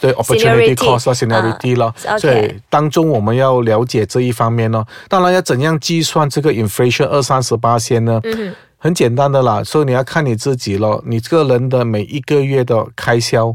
對，opportunity cost 啦，scenario 啦、啊，所以當中我們要了解這一方面咯。當然要怎樣計算這個 inflation 二三十巴仙呢？嗯，很簡單的啦，所以你要看你自己咯，你個人的每一個月的開銷。